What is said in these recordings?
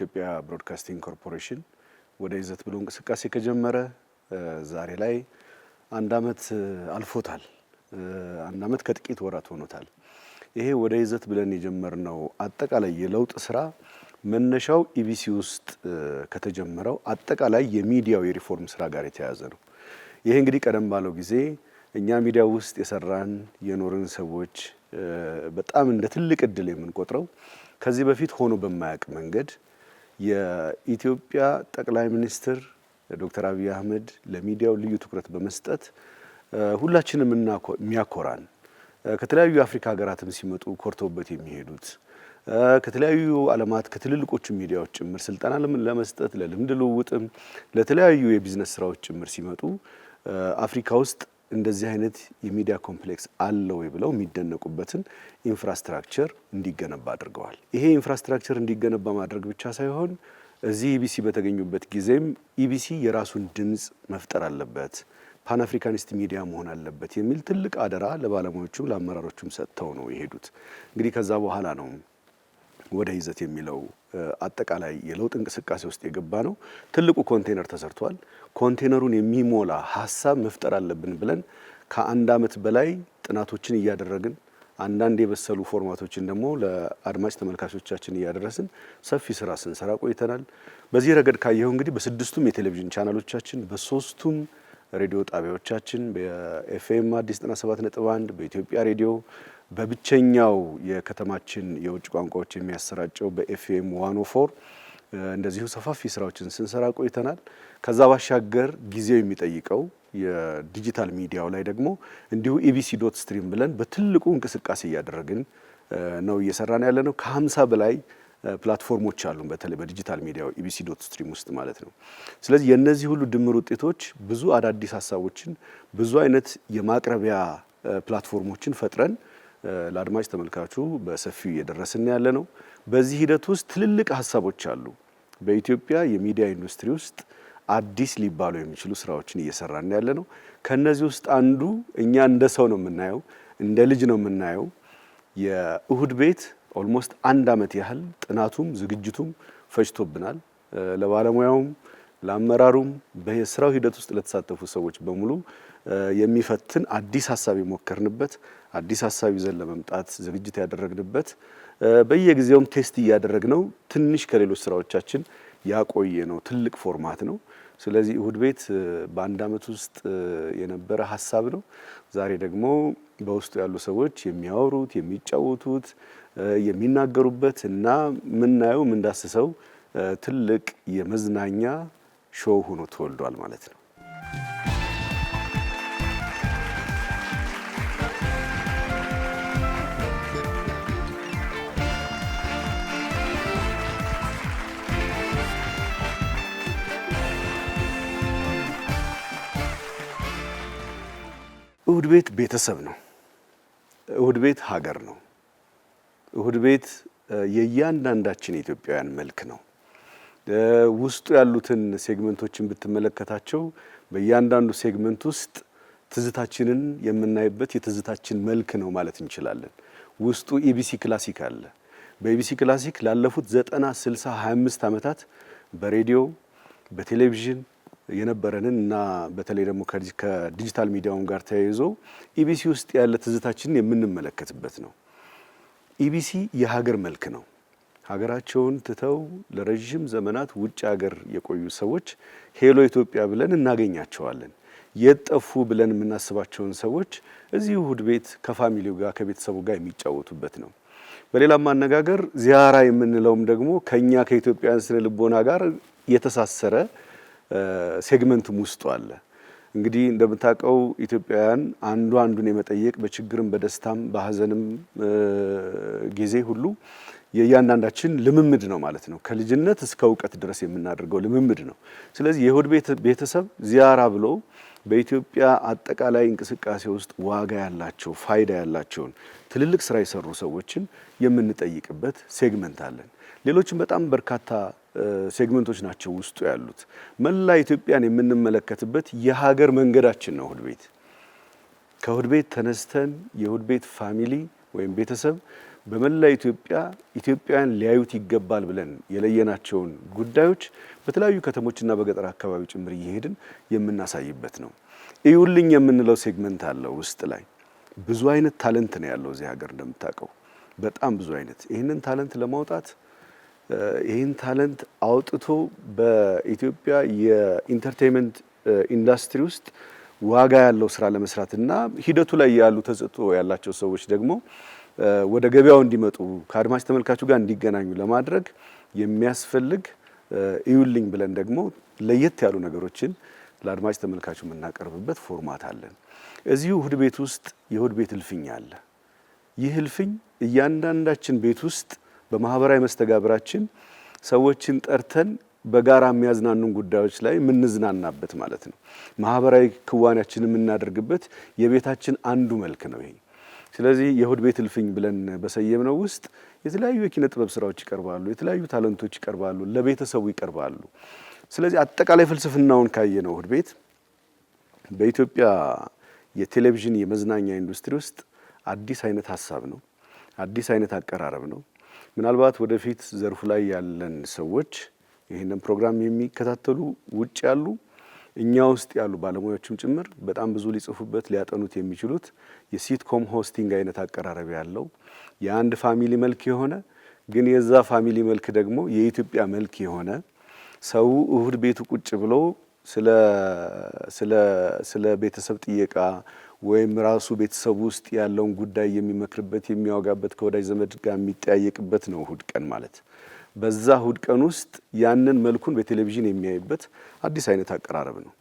የኢትዮጵያ ብሮድካስቲንግ ኮርፖሬሽን ወደ ይዘት ብሎ እንቅስቃሴ ከጀመረ ዛሬ ላይ አንድ አመት አልፎታል። አንድ አመት ከጥቂት ወራት ሆኖታል። ይሄ ወደ ይዘት ብለን የጀመርነው አጠቃላይ የለውጥ ስራ መነሻው ኢቢሲ ውስጥ ከተጀመረው አጠቃላይ የሚዲያው የሪፎርም ስራ ጋር የተያያዘ ነው። ይሄ እንግዲህ ቀደም ባለው ጊዜ እኛ ሚዲያ ውስጥ የሰራን የኖርን ሰዎች በጣም እንደ ትልቅ እድል የምንቆጥረው ከዚህ በፊት ሆኖ በማያውቅ መንገድ የኢትዮጵያ ጠቅላይ ሚኒስትር ዶክተር አብይ አህመድ ለሚዲያው ልዩ ትኩረት በመስጠት ሁላችንም የሚያኮራን ከተለያዩ የአፍሪካ ሀገራትም ሲመጡ ኮርተውበት የሚሄዱት ከተለያዩ ዓለማት ከትልልቆቹ ሚዲያዎች ጭምር ስልጠና ለመስጠት ለልምድ ልውውጥም ለተለያዩ የቢዝነስ ስራዎች ጭምር ሲመጡ አፍሪካ ውስጥ እንደዚህ አይነት የሚዲያ ኮምፕሌክስ አለ ወይ ብለው የሚደነቁበትን ኢንፍራስትራክቸር እንዲገነባ አድርገዋል። ይሄ ኢንፍራስትራክቸር እንዲገነባ ማድረግ ብቻ ሳይሆን እዚህ ኢቢሲ በተገኙበት ጊዜም ኢቢሲ የራሱን ድምፅ መፍጠር አለበት፣ ፓን አፍሪካኒስት ሚዲያ መሆን አለበት የሚል ትልቅ አደራ ለባለሙያዎቹም ለአመራሮቹም ሰጥተው ነው የሄዱት። እንግዲህ ከዛ በኋላ ነው ወደ ይዘት የሚለው አጠቃላይ የለውጥ እንቅስቃሴ ውስጥ የገባ ነው። ትልቁ ኮንቴነር ተሰርቷል። ኮንቴነሩን የሚሞላ ሀሳብ መፍጠር አለብን ብለን ከአንድ አመት በላይ ጥናቶችን እያደረግን አንዳንድ የበሰሉ ፎርማቶችን ደግሞ ለአድማጭ ተመልካቾቻችን እያደረስን ሰፊ ስራ ስንሰራ ቆይተናል። በዚህ ረገድ ካየው እንግዲህ በስድስቱም የቴሌቪዥን ቻናሎቻችን፣ በሶስቱም ሬዲዮ ጣቢያዎቻችን በኤፍኤም አዲስ 97.1 በኢትዮጵያ ሬዲዮ በብቸኛው የከተማችን የውጭ ቋንቋዎች የሚያሰራጨው በኤፍኤም ዋን ፎር እንደዚሁ ሰፋፊ ስራዎችን ስንሰራ ቆይተናል። ከዛ ባሻገር ጊዜው የሚጠይቀው የዲጂታል ሚዲያው ላይ ደግሞ እንዲሁ ኢቢሲ ዶት ስትሪም ብለን በትልቁ እንቅስቃሴ እያደረግን ነው እየሰራን ያለ ነው። ከሀምሳ በላይ ፕላትፎርሞች አሉ፣ በተለይ በዲጂታል ሚዲያው ኢቢሲ ዶት ስትሪም ውስጥ ማለት ነው። ስለዚህ የእነዚህ ሁሉ ድምር ውጤቶች ብዙ አዳዲስ ሀሳቦችን ብዙ አይነት የማቅረቢያ ፕላትፎርሞችን ፈጥረን ለአድማጭ ተመልካቹ በሰፊው እየደረስን ያለ ነው። በዚህ ሂደት ውስጥ ትልልቅ ሀሳቦች አሉ። በኢትዮጵያ የሚዲያ ኢንዱስትሪ ውስጥ አዲስ ሊባሉ የሚችሉ ስራዎችን እየሰራን ያለ ነው። ከእነዚህ ውስጥ አንዱ እኛ እንደ ሰው ነው የምናየው፣ እንደ ልጅ ነው የምናየው። የእሁድ ቤት ኦልሞስት አንድ አመት ያህል ጥናቱም ዝግጅቱም ፈጅቶብናል። ለባለሙያውም ለአመራሩም በስራው ሂደት ውስጥ ለተሳተፉ ሰዎች በሙሉ የሚፈትን አዲስ ሀሳብ የሞከርንበት አዲስ ሀሳብ ይዘን ለመምጣት ዝግጅት ያደረግንበት በየጊዜውም ቴስት እያደረግ ነው ትንሽ ከሌሎች ስራዎቻችን ያቆየ ነው። ትልቅ ፎርማት ነው። ስለዚህ እሁድ ቤት በአንድ አመት ውስጥ የነበረ ሀሳብ ነው። ዛሬ ደግሞ በውስጡ ያሉ ሰዎች የሚያወሩት፣ የሚጫወቱት፣ የሚናገሩበት እና ምናየው ምንዳስሰው ትልቅ የመዝናኛ ሾው ሆኖ ተወልዷል ማለት ነው። እሁድ ቤት ቤተሰብ ነው። እሁድ ቤት ሀገር ነው። እሁድ ቤት የእያንዳንዳችን የኢትዮጵያውያን መልክ ነው። ውስጡ ያሉትን ሴግመንቶችን ብትመለከታቸው በእያንዳንዱ ሴግመንት ውስጥ ትዝታችንን የምናይበት የትዝታችን መልክ ነው ማለት እንችላለን። ውስጡ ኢቢሲ ክላሲክ አለ። በኢቢሲ ክላሲክ ላለፉት 90፣ 60፣ አምስት ዓመታት በሬዲዮ በቴሌቪዥን የነበረንን እና በተለይ ደግሞ ከዲጂታል ሚዲያውን ጋር ተያይዞ ኢቢሲ ውስጥ ያለ ትዝታችንን የምንመለከትበት ነው። ኢቢሲ የሀገር መልክ ነው። ሀገራቸውን ትተው ለረዥም ዘመናት ውጭ ሀገር የቆዩ ሰዎች ሄሎ ኢትዮጵያ ብለን እናገኛቸዋለን። የጠፉ ብለን የምናስባቸውን ሰዎች እዚህ እሁድ ቤት ከፋሚሊው ጋር ከቤተሰቡ ጋር የሚጫወቱበት ነው። በሌላም አነጋገር ዚያራ የምንለውም ደግሞ ከኛ ከኢትዮጵያውያን ስነ ልቦና ጋር የተሳሰረ ሴግመንትም ውስጡ አለ። እንግዲህ እንደምታውቀው ኢትዮጵያውያን አንዱ አንዱን የመጠየቅ በችግርም በደስታም በሀዘንም ጊዜ ሁሉ የእያንዳንዳችን ልምምድ ነው ማለት ነው። ከልጅነት እስከ እውቀት ድረስ የምናደርገው ልምምድ ነው። ስለዚህ የእሁድ ቤተሰብ ዚያራ ብሎ በኢትዮጵያ አጠቃላይ እንቅስቃሴ ውስጥ ዋጋ ያላቸው ፋይዳ ያላቸውን ትልልቅ ስራ የሰሩ ሰዎችን የምንጠይቅበት ሴግመንት አለን። ሌሎችም በጣም በርካታ ሴግመንቶች ናቸው ውስጡ ያሉት። መላ ኢትዮጵያን የምንመለከትበት የሀገር መንገዳችን ነው እሁድ ቤት። ከእሁድ ቤት ተነስተን የእሁድ ቤት ፋሚሊ ወይም ቤተሰብ በመላ ኢትዮጵያ ኢትዮጵያውያን ሊያዩት ይገባል ብለን የለየናቸውን ጉዳዮች በተለያዩ ከተሞችና በገጠር አካባቢ ጭምር እየሄድን የምናሳይበት ነው። እዩልኝ የምንለው ሴግመንት አለው ውስጥ ላይ ብዙ አይነት ታለንት ነው ያለው እዚህ ሀገር እንደምታውቀው፣ በጣም ብዙ አይነት ይህንን ታለንት ለማውጣት ይህን ታለንት አውጥቶ በኢትዮጵያ የኢንተርቴንመንት ኢንዱስትሪ ውስጥ ዋጋ ያለው ስራ ለመስራት እና ሂደቱ ላይ ያሉ ተሰጥኦ ያላቸው ሰዎች ደግሞ ወደ ገበያው እንዲመጡ ከአድማጭ ተመልካቹ ጋር እንዲገናኙ ለማድረግ የሚያስፈልግ እዩልኝ ብለን ደግሞ ለየት ያሉ ነገሮችን ለአድማጭ ተመልካቹ የምናቀርብበት ፎርማት አለን። እዚሁ እሁድ ቤት ውስጥ የእሁድ ቤት እልፍኝ አለ። ይህ እልፍኝ እያንዳንዳችን ቤት ውስጥ በማህበራዊ መስተጋብራችን ሰዎችን ጠርተን በጋራ የሚያዝናኑን ጉዳዮች ላይ የምንዝናናበት ማለት ነው። ማህበራዊ ክዋኔያችን የምናደርግበት የቤታችን አንዱ መልክ ነው ይሄ። ስለዚህ የእሁድ ቤት እልፍኝ ብለን በሰየምነው ውስጥ የተለያዩ የኪነ ጥበብ ስራዎች ይቀርባሉ፣ የተለያዩ ታለንቶች ይቀርባሉ፣ ለቤተሰቡ ይቀርባሉ። ስለዚህ አጠቃላይ ፍልስፍናውን ካየነው እሁድ ቤት በኢትዮጵያ የቴሌቪዥን የመዝናኛ ኢንዱስትሪ ውስጥ አዲስ አይነት ሀሳብ ነው፣ አዲስ አይነት አቀራረብ ነው፣ ምናልባት ወደፊት ዘርፉ ላይ ያለን ሰዎች ይህንን ፕሮግራም የሚከታተሉ ውጭ ያሉ እኛ ውስጥ ያሉ ባለሙያዎችም ጭምር በጣም ብዙ ሊጽፉበት ሊያጠኑት የሚችሉት የሲትኮም ሆስቲንግ አይነት አቀራረብ ያለው የአንድ ፋሚሊ መልክ የሆነ ግን የዛ ፋሚሊ መልክ ደግሞ የኢትዮጵያ መልክ የሆነ ሰው እሁድ ቤቱ ቁጭ ብሎ ስለ ቤተሰብ ጥየቃ ወይም ራሱ ቤተሰብ ውስጥ ያለውን ጉዳይ የሚመክርበት የሚያወጋበት ከወዳጅ ዘመድ ጋር የሚጠያየቅበት ነው እሁድ ቀን ማለት። በዛ እሁድ ቀን ውስጥ ያንን መልኩን በቴሌቪዥን የሚያይበት አዲስ አይነት አቀራረብ ነው።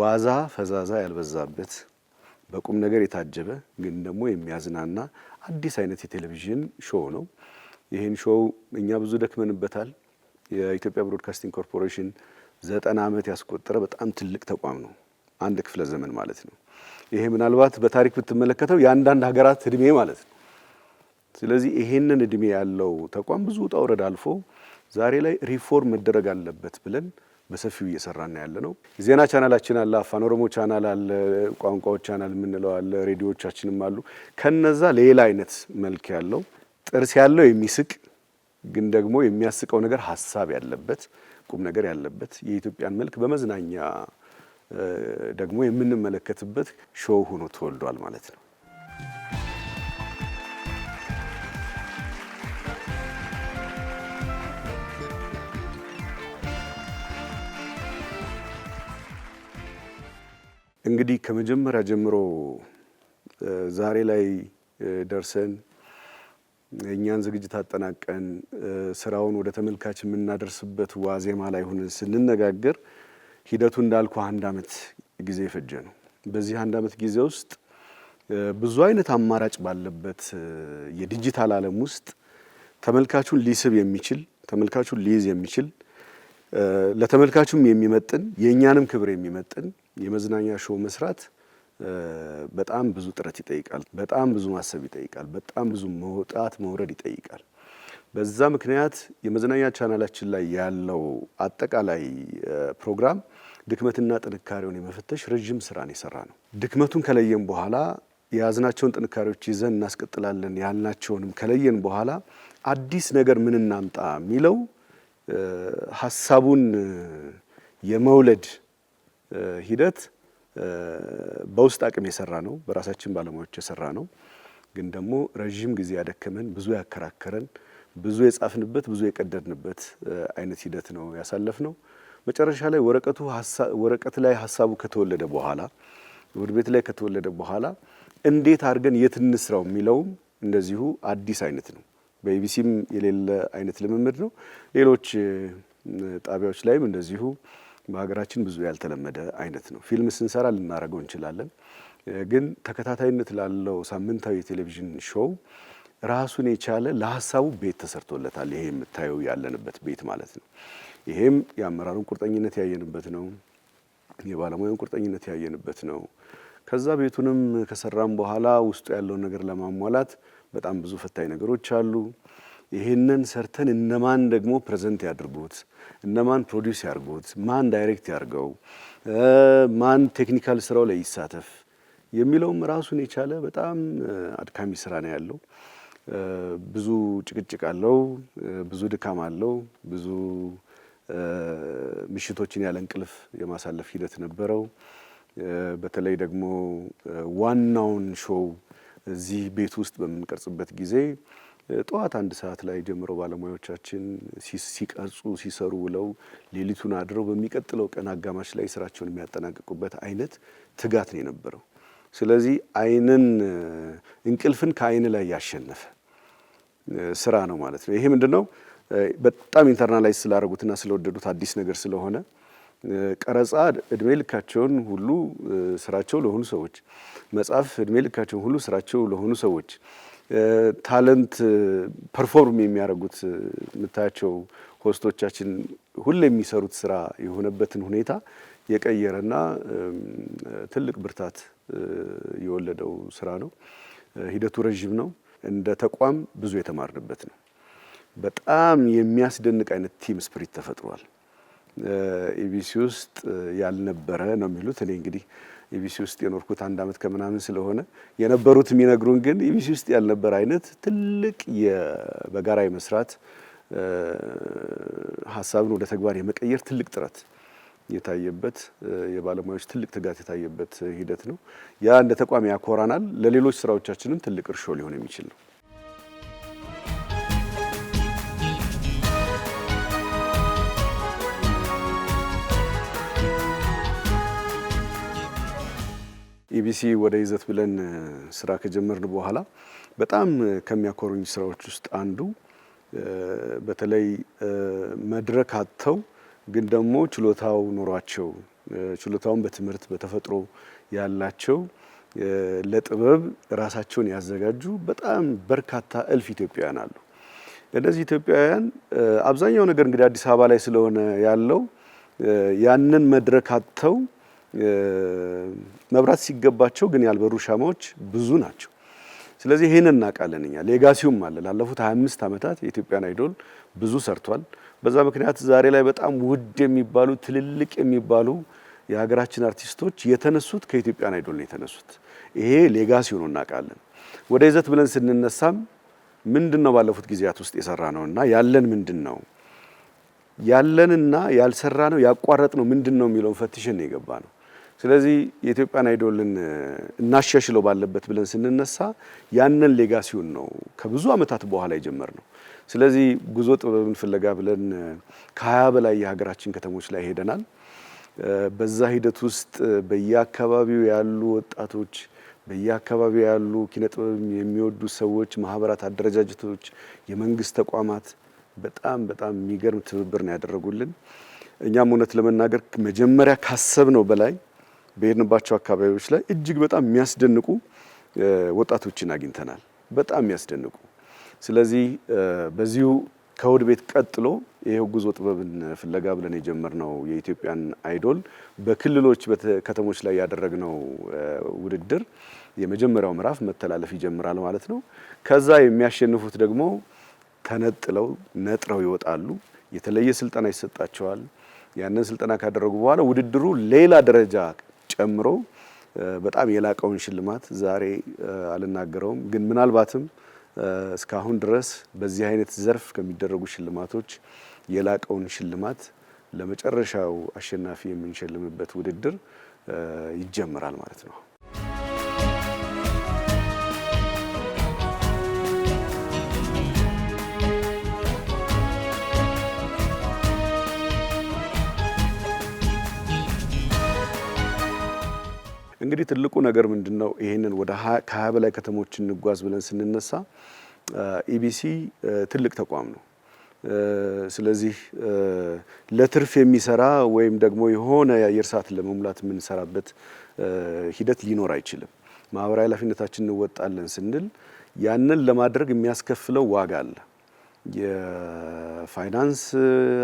ዋዛ ፈዛዛ ያልበዛበት በቁም ነገር የታጀበ ግን ደግሞ የሚያዝናና አዲስ አይነት የቴሌቪዥን ሾው ነው። ይህን ሾው እኛ ብዙ ደክመንበታል። የኢትዮጵያ ብሮድካስቲንግ ኮርፖሬሽን ዘጠና ዓመት ያስቆጠረ በጣም ትልቅ ተቋም ነው። አንድ ክፍለ ዘመን ማለት ነው። ይሄ ምናልባት በታሪክ ብትመለከተው የአንዳንድ ሀገራት እድሜ ማለት ነው። ስለዚህ ይሄንን እድሜ ያለው ተቋም ብዙ ውጣ ውረድ አልፎ ዛሬ ላይ ሪፎርም መደረግ አለበት ብለን በሰፊው እየሰራን ያለ ነው። ዜና ቻናላችን አለ፣ አፋን ኦሮሞ ቻናል አለ፣ ቋንቋዎች ቻናል የምንለው አለ፣ ሬዲዮቻችንም አሉ። ከነዛ ሌላ አይነት መልክ ያለው ጥርስ ያለው የሚስቅ ግን ደግሞ የሚያስቀው ነገር ሀሳብ ያለበት ቁም ነገር ያለበት የኢትዮጵያን መልክ በመዝናኛ ደግሞ የምንመለከትበት ሾው ሆኖ ተወልዷል ማለት ነው። እንግዲህ ከመጀመሪያ ጀምሮ ዛሬ ላይ ደርሰን እኛን ዝግጅት አጠናቀን ስራውን ወደ ተመልካች የምናደርስበት ዋዜማ ላይ ሆነን ስንነጋገር ሂደቱ እንዳልኩ አንድ አመት ጊዜ የፈጀ ነው። በዚህ አንድ አመት ጊዜ ውስጥ ብዙ አይነት አማራጭ ባለበት የዲጂታል ዓለም ውስጥ ተመልካቹን ሊስብ የሚችል ተመልካቹን ሊይዝ የሚችል ለተመልካቹም የሚመጥን የእኛንም ክብር የሚመጥን የመዝናኛ ሾው መስራት በጣም ብዙ ጥረት ይጠይቃል። በጣም ብዙ ማሰብ ይጠይቃል። በጣም ብዙ መውጣት መውረድ ይጠይቃል። በዛ ምክንያት የመዝናኛ ቻናላችን ላይ ያለው አጠቃላይ ፕሮግራም ድክመትና ጥንካሬውን የመፈተሽ ረዥም ስራን የሰራ ነው። ድክመቱን ከለየን በኋላ የያዝናቸውን ጥንካሬዎች ይዘን እናስቀጥላለን ያልናቸውንም ከለየን በኋላ አዲስ ነገር ምን እናምጣ የሚለው ሀሳቡን የመውለድ ሂደት በውስጥ አቅም የሰራ ነው፣ በራሳችን ባለሙያዎች የሰራ ነው። ግን ደግሞ ረዥም ጊዜ ያደከመን፣ ብዙ ያከራከረን፣ ብዙ የጻፍንበት፣ ብዙ የቀደድንበት አይነት ሂደት ነው ያሳለፍ ነው። መጨረሻ ላይ ወረቀቱ ወረቀት ላይ ሀሳቡ ከተወለደ በኋላ ውድ ቤት ላይ ከተወለደ በኋላ እንዴት አድርገን የት እንስራው የሚለውም እንደዚሁ አዲስ አይነት ነው። በኢቢሲም የሌለ አይነት ልምምድ ነው። ሌሎች ጣቢያዎች ላይም እንደዚሁ በሀገራችን ብዙ ያልተለመደ አይነት ነው። ፊልም ስንሰራ ልናደርገው እንችላለን፣ ግን ተከታታይነት ላለው ሳምንታዊ የቴሌቪዥን ሾው ራሱን የቻለ ለሀሳቡ ቤት ተሰርቶለታል። ይሄ የምታየው ያለንበት ቤት ማለት ነው። ይሄም የአመራሩን ቁርጠኝነት ያየንበት ነው። የባለሙያን ቁርጠኝነት ያየንበት ነው። ከዛ ቤቱንም ከሰራም በኋላ ውስጡ ያለውን ነገር ለማሟላት በጣም ብዙ ፈታኝ ነገሮች አሉ። ይሄንን ሰርተን እነማን ደግሞ ፕሬዘንት ያድርጉት፣ እነማን ፕሮዲውስ ያድርጉት፣ ማን ዳይሬክት ያድርገው፣ ማን ቴክኒካል ስራው ላይ ይሳተፍ የሚለውም ራሱን የቻለ በጣም አድካሚ ስራ ነው ያለው። ብዙ ጭቅጭቅ አለው፣ ብዙ ድካም አለው፣ ብዙ ምሽቶችን ያለ እንቅልፍ የማሳለፍ ሂደት ነበረው። በተለይ ደግሞ ዋናውን ሾው እዚህ ቤት ውስጥ በምንቀርጽበት ጊዜ ጠዋት አንድ ሰዓት ላይ ጀምሮ ባለሙያዎቻችን ሲቀርጹ ሲሰሩ ውለው ሌሊቱን አድረው በሚቀጥለው ቀን አጋማሽ ላይ ስራቸውን የሚያጠናቅቁበት አይነት ትጋት ነው የነበረው። ስለዚህ አይንን እንቅልፍን ከአይን ላይ ያሸነፈ ስራ ነው ማለት ነው። ይሄ ምንድን ነው? በጣም ኢንተርናላይዝ ስላደረጉትና ስለወደዱት አዲስ ነገር ስለሆነ ቀረጻ እድሜ ልካቸውን ሁሉ ስራቸው ለሆኑ ሰዎች፣ መጽሐፍ እድሜ ልካቸውን ሁሉ ስራቸው ለሆኑ ሰዎች ታለንት ፐርፎርም የሚያደርጉት የምታያቸው ሆስቶቻችን ሁሌ የሚሰሩት ስራ የሆነበትን ሁኔታ የቀየረና ትልቅ ብርታት የወለደው ስራ ነው። ሂደቱ ረዥም ነው። እንደ ተቋም ብዙ የተማርንበት ነው። በጣም የሚያስደንቅ አይነት ቲም ስፕሪት ተፈጥሯል። ኢቢሲ ውስጥ ያልነበረ ነው የሚሉት እኔ እንግዲህ ኢቢሲ ውስጥ የኖርኩት አንድ አመት ከምናምን ስለሆነ የነበሩት የሚነግሩን ግን ኢቢሲ ውስጥ ያልነበር አይነት ትልቅ በጋራ የመስራት ሀሳብን ወደ ተግባር የመቀየር ትልቅ ጥረት የታየበት የባለሙያዎች ትልቅ ትጋት የታየበት ሂደት ነው። ያ እንደ ተቋም ያኮራናል። ለሌሎች ስራዎቻችንም ትልቅ እርሾ ሊሆን የሚችል ነው። ኢቢሲ ወደ ይዘት ብለን ስራ ከጀመርን በኋላ በጣም ከሚያኮሩኝ ስራዎች ውስጥ አንዱ በተለይ መድረክ አጥተው ግን ደግሞ ችሎታው ኖሯቸው ችሎታውን በትምህርት በተፈጥሮ ያላቸው ለጥበብ ራሳቸውን ያዘጋጁ በጣም በርካታ እልፍ ኢትዮጵያውያን አሉ። እነዚህ ኢትዮጵያውያን አብዛኛው ነገር እንግዲህ አዲስ አበባ ላይ ስለሆነ ያለው ያንን መድረክ አጥተው መብራት ሲገባቸው ግን ያልበሩ ሻማዎች ብዙ ናቸው። ስለዚህ ይህንን እናውቃለን እኛ። ሌጋሲውም አለ። ላለፉት 25 ዓመታት የኢትዮጵያን አይዶል ብዙ ሰርቷል። በዛ ምክንያት ዛሬ ላይ በጣም ውድ የሚባሉ ትልልቅ የሚባሉ የሀገራችን አርቲስቶች የተነሱት ከኢትዮጵያን አይዶል ነው የተነሱት። ይሄ ሌጋሲው ነው እናውቃለን። ወደ ይዘት ብለን ስንነሳም ምንድን ነው ባለፉት ጊዜያት ውስጥ የሰራ ነው እና ያለን ምንድን ነው ያለንና ያልሰራ ነው ያቋረጥ ነው ምንድን ነው የሚለውን ፈትሽን የገባ ነው ስለዚህ የኢትዮጵያን አይዶልን እናሻሽለው ባለበት ብለን ስንነሳ ያንን ሌጋሲውን ነው ከብዙ ዓመታት በኋላ የጀመርነው። ስለዚህ ጉዞ ጥበብን ፍለጋ ብለን ከሀያ በላይ የሀገራችን ከተሞች ላይ ሄደናል። በዛ ሂደት ውስጥ በየአካባቢው ያሉ ወጣቶች፣ በየአካባቢው ያሉ ኪነጥበብ የሚወዱ ሰዎች፣ ማህበራት፣ አደረጃጀቶች፣ የመንግስት ተቋማት በጣም በጣም የሚገርም ትብብር ነው ያደረጉልን። እኛም እውነት ለመናገር መጀመሪያ ካሰብነው በላይ በሄድንባቸው አካባቢዎች ላይ እጅግ በጣም የሚያስደንቁ ወጣቶችን አግኝተናል። በጣም የሚያስደንቁ። ስለዚህ በዚሁ ከእሑድ ቤት ቀጥሎ ይሄው ጉዞ ጥበብን ፍለጋ ብለን የጀመርነው የኢትዮጵያን አይዶል በክልሎች ከተሞች ላይ ያደረግነው ውድድር የመጀመሪያው ምዕራፍ መተላለፍ ይጀምራል ማለት ነው። ከዛ የሚያሸንፉት ደግሞ ተነጥለው ነጥረው ይወጣሉ። የተለየ ስልጠና ይሰጣቸዋል። ያንን ስልጠና ካደረጉ በኋላ ውድድሩ ሌላ ደረጃ ጨምሮ በጣም የላቀውን ሽልማት ዛሬ አልናገረውም፣ ግን ምናልባትም እስካሁን ድረስ በዚህ አይነት ዘርፍ ከሚደረጉ ሽልማቶች የላቀውን ሽልማት ለመጨረሻው አሸናፊ የምንሸልምበት ውድድር ይጀምራል ማለት ነው። እንግዲህ ትልቁ ነገር ምንድን ነው? ይህንን ወደ ከሀያ በላይ ከተሞች እንጓዝ ብለን ስንነሳ ኢቢሲ ትልቅ ተቋም ነው። ስለዚህ ለትርፍ የሚሰራ ወይም ደግሞ የሆነ የአየር ሰዓትን ለመሙላት የምንሰራበት ሂደት ሊኖር አይችልም። ማህበራዊ ኃላፊነታችን እንወጣለን ስንል ያንን ለማድረግ የሚያስከፍለው ዋጋ አለ። የፋይናንስ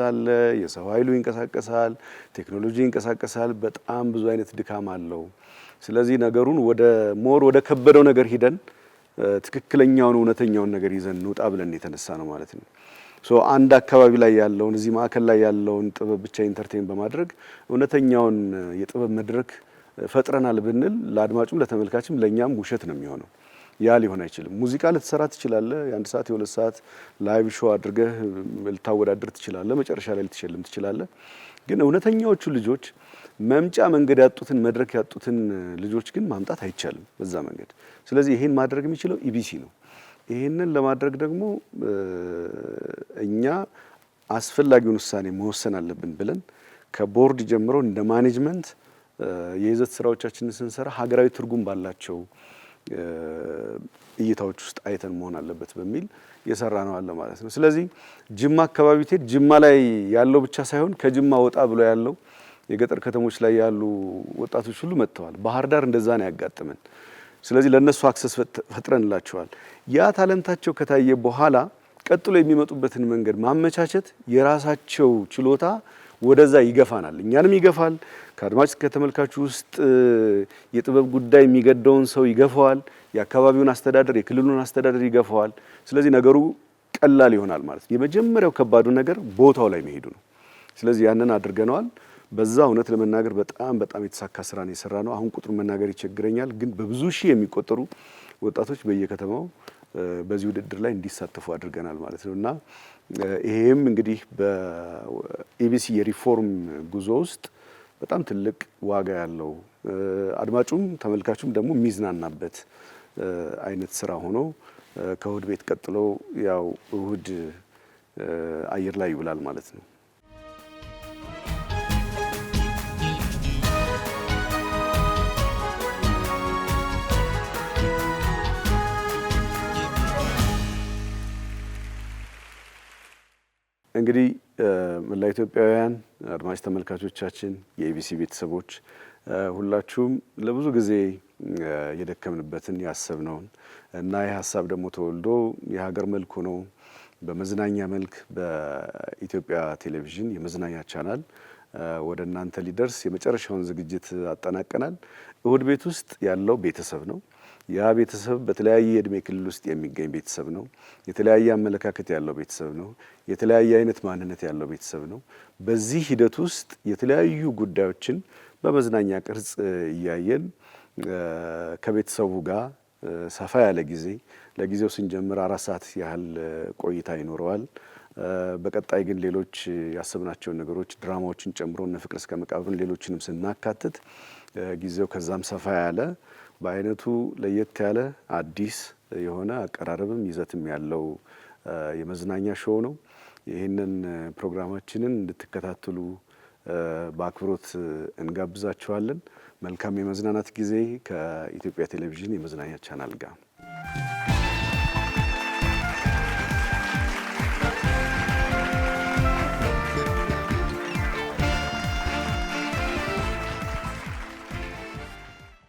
አለ፣ የሰው ኃይሉ ይንቀሳቀሳል፣ ቴክኖሎጂ ይንቀሳቀሳል። በጣም ብዙ አይነት ድካም አለው። ስለዚህ ነገሩን ወደ ሞር ወደ ከበደው ነገር ሂደን ትክክለኛውን እውነተኛውን ነገር ይዘን እንውጣ ብለን የተነሳ ነው ማለት ነው። ሶ አንድ አካባቢ ላይ ያለውን እዚህ ማዕከል ላይ ያለውን ጥበብ ብቻ ኢንተርቴን በማድረግ እውነተኛውን የጥበብ መድረክ ፈጥረናል ብንል ለአድማጩም ለተመልካችም ለእኛም ውሸት ነው የሚሆነው። ያ ሊሆን አይችልም። ሙዚቃ ልትሰራ ትችላለህ። የአንድ ሰዓት የሁለት ሰዓት ላይቭ ሾው አድርገህ ልታወዳድር ትችላለህ። መጨረሻ ላይ ልትሸልም ትችላለህ። ግን እውነተኛዎቹ ልጆች መምጫ መንገድ ያጡትን መድረክ ያጡትን ልጆች ግን ማምጣት አይቻልም በዛ መንገድ። ስለዚህ ይሄን ማድረግ የሚችለው ኢቢሲ ነው። ይሄንን ለማድረግ ደግሞ እኛ አስፈላጊውን ውሳኔ መወሰን አለብን ብለን ከቦርድ ጀምሮ እንደ ማኔጅመንት የይዘት ስራዎቻችንን ስንሰራ ሀገራዊ ትርጉም ባላቸው እይታዎች ውስጥ አይተን መሆን አለበት በሚል የሰራ ነው አለ ማለት ነው። ስለዚህ ጅማ አካባቢ ትሄድ ጅማ ላይ ያለው ብቻ ሳይሆን ከጅማ ወጣ ብሎ ያለው የገጠር ከተሞች ላይ ያሉ ወጣቶች ሁሉ መጥተዋል። ባህር ዳር እንደዛ ነው ያጋጥመን። ስለዚህ ለእነሱ አክሰስ ፈጥረንላቸዋል። ያ ታለንታቸው ከታየ በኋላ ቀጥሎ የሚመጡበትን መንገድ ማመቻቸት የራሳቸው ችሎታ ወደዛ ይገፋናል፣ እኛንም ይገፋል። ከአድማጭ ከተመልካቹ ውስጥ የጥበብ ጉዳይ የሚገደውን ሰው ይገፋዋል፣ የአካባቢውን አስተዳደር የክልሉን አስተዳደር ይገፋዋል። ስለዚህ ነገሩ ቀላል ይሆናል ማለት ነው። የመጀመሪያው ከባዱ ነገር ቦታው ላይ መሄዱ ነው። ስለዚህ ያንን አድርገነዋል። በዛ እውነት ለመናገር በጣም በጣም የተሳካ ስራ ነው የሰራ ነው። አሁን ቁጥሩ መናገር ይቸግረኛል፣ ግን በብዙ ሺህ የሚቆጠሩ ወጣቶች በየከተማው በዚህ ውድድር ላይ እንዲሳተፉ አድርገናል ማለት ነው እና ይሄም እንግዲህ በኢቢሲ የሪፎርም ጉዞ ውስጥ በጣም ትልቅ ዋጋ ያለው አድማጩም ተመልካቹም ደግሞ የሚዝናናበት አይነት ስራ ሆኖ ከእሁድ ቤት ቀጥሎ ያው እሁድ አየር ላይ ይውላል ማለት ነው። እንግዲህ መላ ኢትዮጵያውያን አድማጭ ተመልካቾቻችን፣ የኢቢሲ ቤተሰቦች ሁላችሁም ለብዙ ጊዜ የደከምንበትን ያሰብነውን እና ይህ ሀሳብ ደግሞ ተወልዶ የሀገር መልክ ሆኖ በመዝናኛ መልክ በኢትዮጵያ ቴሌቪዥን የመዝናኛ ቻናል ወደ እናንተ ሊደርስ የመጨረሻውን ዝግጅት አጠናቀናል። እሁድ ቤት ውስጥ ያለው ቤተሰብ ነው። ያ ቤተሰብ በተለያየ የእድሜ ክልል ውስጥ የሚገኝ ቤተሰብ ነው። የተለያየ አመለካከት ያለው ቤተሰብ ነው። የተለያየ አይነት ማንነት ያለው ቤተሰብ ነው። በዚህ ሂደት ውስጥ የተለያዩ ጉዳዮችን በመዝናኛ ቅርጽ እያየን ከቤተሰቡ ጋር ሰፋ ያለ ጊዜ ለጊዜው ስንጀምር አራት ሰዓት ያህል ቆይታ ይኖረዋል። በቀጣይ ግን ሌሎች ያሰብናቸውን ነገሮች ድራማዎችን ጨምሮ እነ ፍቅር እስከ መቃብርን ሌሎችንም ስናካትት ጊዜው ከዛም ሰፋ ያለ በአይነቱ ለየት ያለ አዲስ የሆነ አቀራረብም ይዘትም ያለው የመዝናኛ ሾው ነው። ይህንን ፕሮግራማችንን እንድትከታተሉ በአክብሮት እንጋብዛችኋለን። መልካም የመዝናናት ጊዜ ከኢትዮጵያ ቴሌቪዥን የመዝናኛ ቻናል ጋር